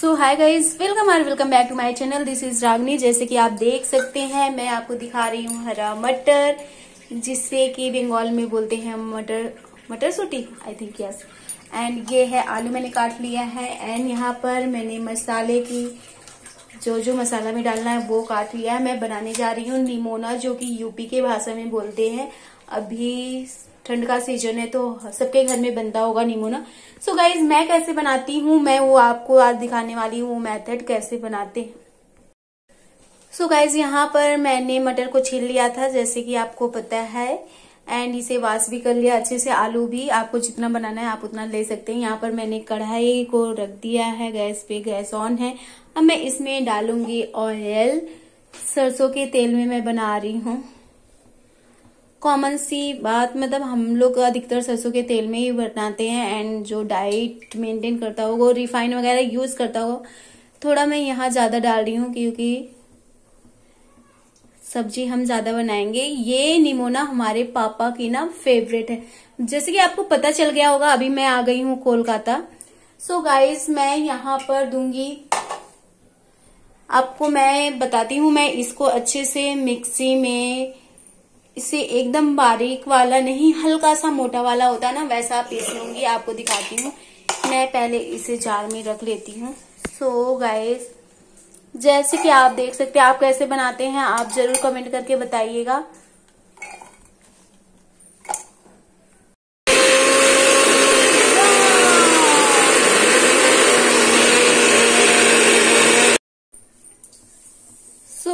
so hi guys welcome or welcome back to my channel this is Ragini जैसे कि आप देख सकते हैं मैं आपको दिखा रही हूँ हरा मटर जिससे कि बंगाल में बोलते हैं मटर मटर सोटी आई थिंक यस एंड ये है आलू मैंने काट लिया है एंड यहाँ पर मैंने मसाले की जो जो मसाला में डालना है वो काट लिया है मैं बनाने जा रही हूँ निमोना जो कि यूपी के भाषा में बोलते हैं अभी ठंड का सीजन है तो सबके घर में बनता होगा ना सो गाइज मैं कैसे बनाती हूँ मैं वो आपको आज दिखाने वाली हूँ मेथड कैसे बनाते सो गाइज यहाँ पर मैंने मटर को छील लिया था जैसे कि आपको पता है एंड इसे वाश भी कर लिया अच्छे से आलू भी आपको जितना बनाना है आप उतना ले सकते हैं यहाँ पर मैंने कढ़ाई को रख दिया है गैस पे गैस ऑन है अब मैं इसमें डालूंगी ऑयल सरसों के तेल में मैं बना रही हूँ कॉमन सी बात मतलब हम लोग अधिकतर सरसों के तेल में ही बनाते हैं एंड जो डाइट मेंटेन करता हो वो रिफाइन वगैरह यूज करता हो थोड़ा मैं यहाँ ज्यादा डाल रही हूँ क्योंकि सब्जी हम ज्यादा बनाएंगे ये निमोना हमारे पापा की ना फेवरेट है जैसे कि आपको पता चल गया होगा अभी मैं आ गई हूँ कोलकाता सो so गाइज मैं यहाँ पर दूंगी आपको मैं बताती हूँ मैं इसको अच्छे से मिक्सी में इसे एकदम बारीक वाला नहीं हल्का सा मोटा वाला होता ना वैसा पीस लूंगी आपको दिखाती हूँ मैं पहले इसे जार में रख लेती हूँ सो गाइस जैसे कि आप देख सकते हैं आप कैसे बनाते हैं आप जरूर कमेंट करके बताइएगा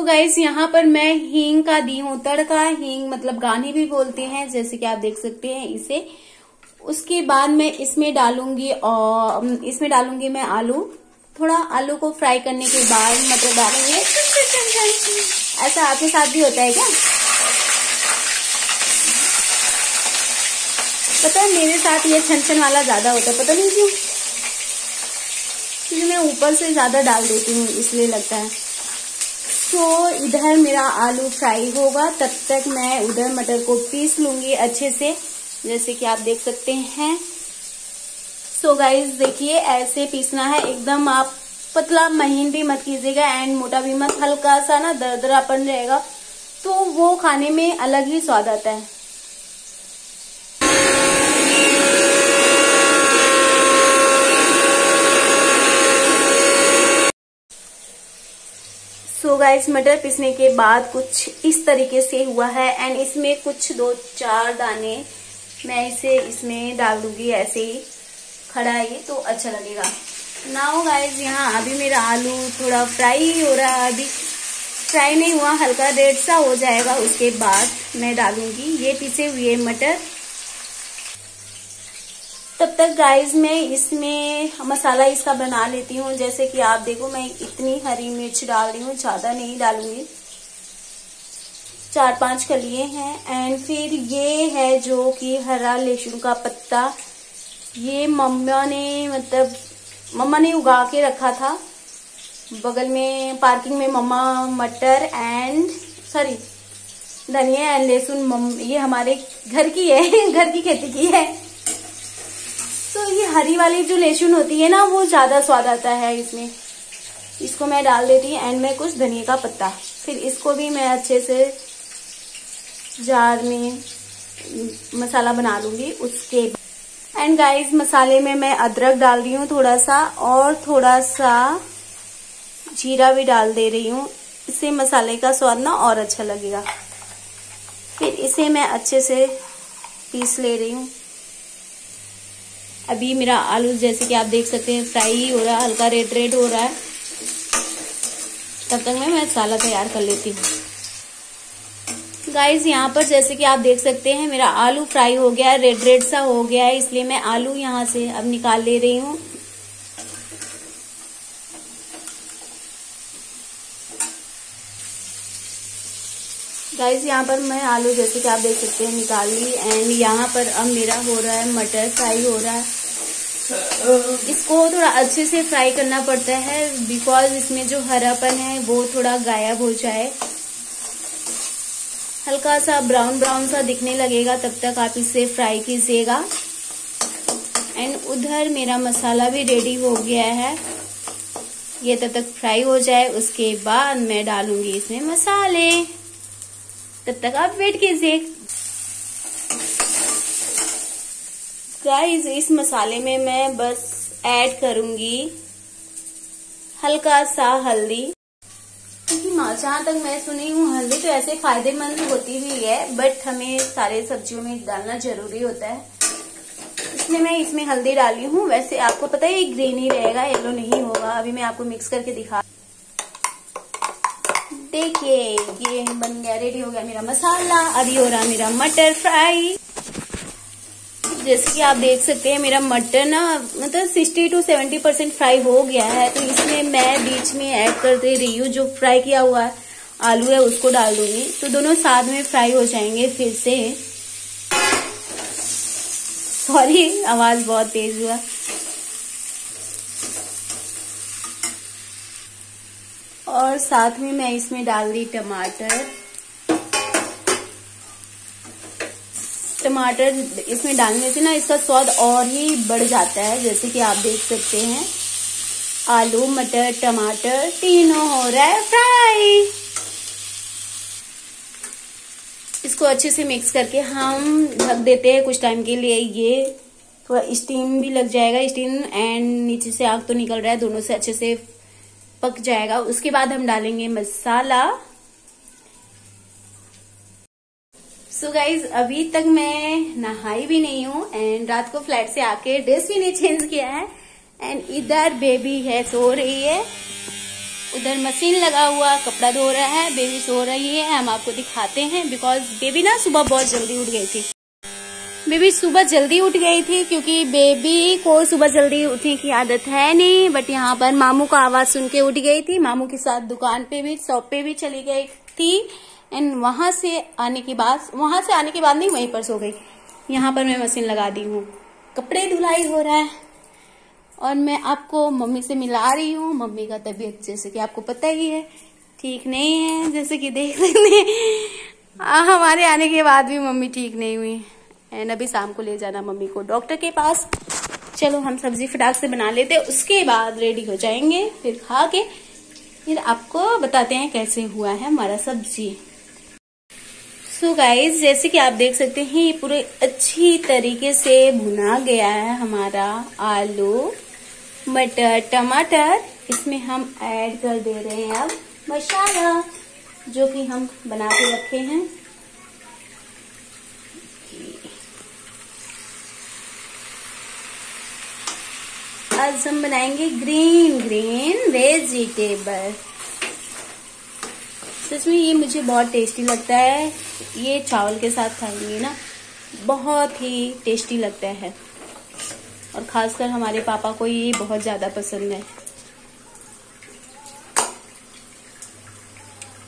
गाइज यहाँ पर मैं हींग का दी हूँ तड़का हींग मतलब गाने भी बोलते हैं जैसे कि आप देख सकते हैं इसे उसके बाद मैं इसमें डालूंगी और इसमें डालूंगी मैं आलू थोड़ा आलू को फ्राई करने के बाद मतलब डालेंगे ऐसा आपके साथ भी होता है क्या पता है मेरे साथ ये छन वाला ज्यादा होता है पता नहीं क्यों क्योंकि मैं ऊपर से ज्यादा डाल देती हूँ इसलिए लगता है तो इधर मेरा आलू फ्राई होगा तब तक मैं उधर मटर को पीस लूंगी अच्छे से जैसे कि आप देख सकते हैं सो गाइज देखिए ऐसे पीसना है एकदम आप पतला महीन भी मत कीजिएगा एंड मोटा भी मत हल्का सा ना दरदरापन रहेगा तो वो खाने में अलग ही स्वाद आता है गाइस मटर पीसने के बाद कुछ इस तरीके से हुआ है एंड इसमें कुछ दो चार दाने मैं इसे इसमें डाल दूंगी ऐसे ही खड़ा ही ये तो अच्छा लगेगा नाउ गाइज यहाँ अभी मेरा आलू थोड़ा फ्राई हो रहा है अभी फ्राई नहीं हुआ हल्का रेड सा हो जाएगा उसके बाद मैं डालूंगी ये पीछे हुए मटर तब तक गाइस मैं इसमें मसाला इसका बना लेती हूँ जैसे कि आप देखो मैं इतनी हरी मिर्च डाल रही हूँ ज़्यादा नहीं डालूंगी चार पांच कलिए हैं एंड फिर ये है जो कि हरा लहसुन का पत्ता ये मम्मा ने मतलब मम्मा ने उगा के रखा था बगल में पार्किंग में मम्मा मटर एंड सॉरी धनिया एंड लहसुन ये हमारे घर की है घर की खेती की है तो ये हरी वाली जो लहसुन होती है ना वो ज्यादा स्वाद आता है इसमें इसको मैं डाल देती हूँ एंड में कुछ धनिया का पत्ता फिर इसको भी मैं अच्छे से जार में मसाला बना लूंगी उसके एंड गाइस मसाले में मैं अदरक डाल रही हूँ थोड़ा सा और थोड़ा सा जीरा भी डाल दे रही हूँ इससे मसाले का स्वाद ना और अच्छा लगेगा फिर इसे मैं अच्छे से पीस ले रही हूँ अभी मेरा आलू जैसे कि आप देख सकते हैं फ्राई हो रहा है हल्का रेड रेड हो रहा है तब तक मैं मसाला तैयार कर लेती हूँ गाइस यहाँ पर जैसे कि आप देख सकते हैं मेरा आलू फ्राई हो गया है रेड रेड सा हो गया है इसलिए मैं आलू यहाँ से अब निकाल ले रही हूँ गाइज यहाँ पर मैं आलू जैसे कि आप देख सकते हैं निकाल ली एंड यहाँ पर अब मेरा हो रहा है मटर फ्राई हो रहा है इसको थोड़ा अच्छे से फ्राई करना पड़ता है बिकॉज इसमें जो हरापन है वो थोड़ा गायब हो जाए हल्का सा ब्राउन ब्राउन सा दिखने लगेगा तब तक आप इसे फ्राई कीजिएगा एंड उधर मेरा मसाला भी रेडी हो गया है ये तब तक फ्राई हो जाए उसके बाद मैं डालूंगी इसमें मसाले तब तक आप वेट कीजिए गाइस इस मसाले में मैं बस ऐड करूंगी हल्का सा हल्दी क्योंकि जहां तक मैं सुनी हूँ हल्दी तो ऐसे फायदेमंद होती भी है बट हमें सारे सब्जियों में डालना जरूरी होता है इसलिए मैं इसमें हल्दी डाली हूँ वैसे आपको पता है ये ग्रीन ही रहेगा येलो नहीं होगा अभी मैं आपको मिक्स करके दिखा देखिए ये बन गया रेडी हो गया मेरा मसाला अभी हो रहा मेरा मटर फ्राई जैसे कि आप देख सकते हैं मेरा मटर ना मतलब sixty two seventy percent fry हो गया है तो इसमें मैं बीच में ऐड कर दे रही हूँ जो फ्राई किया हुआ आलू है उसको डाल दूंगी तो दोनों साथ में फ्राई हो जाएंगे फिर से सॉरी आवाज बहुत तेज हुआ और साथ में मैं इसमें डाल दी टमाटर टमाटर इसमें डालने से ना इसका स्वाद और ही बढ़ जाता है जैसे कि आप देख सकते हैं आलू मटर टमाटर तीनों हो रहा है फ्राई इसको अच्छे से मिक्स करके हम ढक देते हैं कुछ टाइम के लिए ये थोड़ा स्टीम भी लग जाएगा स्टीम एंड नीचे से आग तो निकल रहा है दोनों से अच्छे से पक जाएगा उसके बाद हम डालेंगे मसाला सो so गाइज अभी तक मैं नहाई भी नहीं हूं एंड रात को फ्लैट से आके ड्रेस भी नहीं चेंज किया है एंड इधर बेबी है सो रही है उधर मशीन लगा हुआ कपड़ा धो रहा है बेबी सो रही है हम आपको दिखाते हैं बिकॉज बेबी ना सुबह बहुत जल्दी उठ गई थी बेबी सुबह जल्दी उठ गई थी क्योंकि बेबी को सुबह जल्दी उठने की आदत है नहीं बट यहाँ पर मामू का आवाज सुन के उठ गई थी मामू के साथ दुकान पे भी शॉप पे भी चली गई थी एंड वहां से आने के बाद वहां से आने के बाद नहीं वहीं पर सो गई यहाँ पर मैं मशीन लगा दी हूँ कपड़े धुलाई हो रहा है और मैं आपको मम्मी से मिला रही हूँ मम्मी का तबीयत जैसे कि आपको पता ही है ठीक नहीं है जैसे कि देख लेते हमारे आने के बाद भी मम्मी ठीक नहीं हुई एंड अभी शाम को ले जाना मम्मी को डॉक्टर के पास चलो हम सब्जी फटाक से बना लेते उसके बाद रेडी हो जाएंगे फिर खा के फिर आपको बताते हैं कैसे हुआ है हमारा सब्जी सो so गाइज जैसे कि आप देख सकते हैं ये पूरे अच्छी तरीके से भुना गया है हमारा आलू मटर टमाटर इसमें हम ऐड कर दे रहे हैं अब मसाला जो कि हम बना के रखे हैं आज हम बनाएंगे ग्रीन ग्रीन वेजिटेबल तो सच में ये मुझे बहुत टेस्टी लगता है ये चावल के साथ खाएंगे ना बहुत ही टेस्टी लगता है और ख़ासकर हमारे पापा को ये बहुत ज़्यादा पसंद है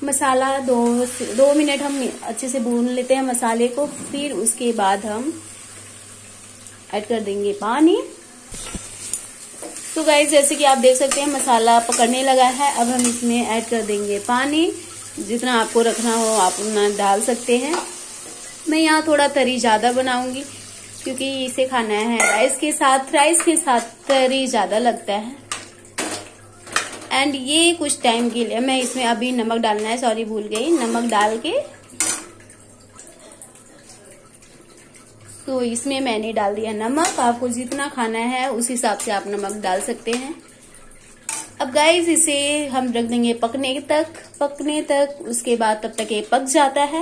मसाला दो दो मिनट हम अच्छे से भून लेते हैं मसाले को फिर उसके बाद हम ऐड कर देंगे पानी तो गाइज जैसे कि आप देख सकते हैं मसाला पकड़ने लगा है अब हम इसमें ऐड कर देंगे पानी जितना आपको रखना हो आप उतना डाल सकते हैं मैं यहाँ थोड़ा तरी ज़्यादा बनाऊंगी क्योंकि इसे खाना है राइस के साथ राइस के साथ तरी ज़्यादा लगता है एंड ये कुछ टाइम के लिए मैं इसमें अभी नमक डालना है सॉरी भूल गई नमक डाल के तो इसमें मैंने डाल दिया नमक आपको जितना खाना है उस हिसाब से आप नमक डाल सकते हैं अब गाइज इसे हम रख देंगे पकने तक पकने तक उसके बाद तब तक ये पक जाता है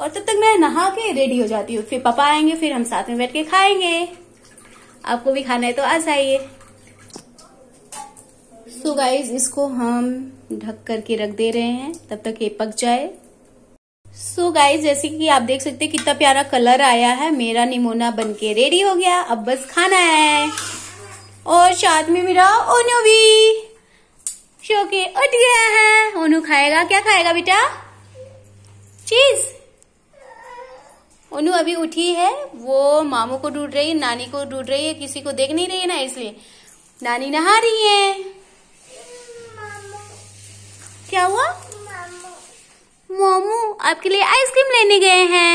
और तब तक मैं नहा के रेडी हो जाती हूँ फिर पापा आएंगे फिर हम साथ में बैठ के खाएंगे आपको भी खाना है तो आ जाइए सो गाइज इसको हम ढक करके रख दे रहे हैं तब तक ये पक जाए सो so गाइज जैसे कि आप देख सकते हैं कितना प्यारा कलर आया है मेरा निमोना बन के रेडी हो गया अब बस खाना है और साथ में मेरा ओनो भी शोके उठ गया है ओनो खाएगा क्या खाएगा बेटा चीज ओनू अभी उठी है वो मामू को ढूंढ रही है नानी को ढूंढ रही है किसी को देख नहीं रही है ना इसलिए नानी नहा रही है क्या हुआ मोमू आपके लिए आइसक्रीम लेने गए हैं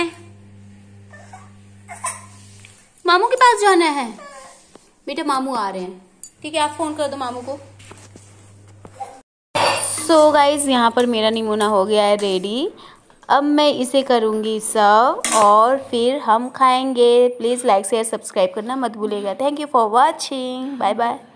मामू के पास जाना है बेटा मामू आ रहे हैं ठीक है आप फोन कर दो मामू को सो so गाइज यहाँ पर मेरा निमोना हो गया है रेडी अब मैं इसे करूँगी सर्व और फिर हम खाएंगे प्लीज़ लाइक शेयर सब्सक्राइब करना मत भूलेगा thank you for watching bye bye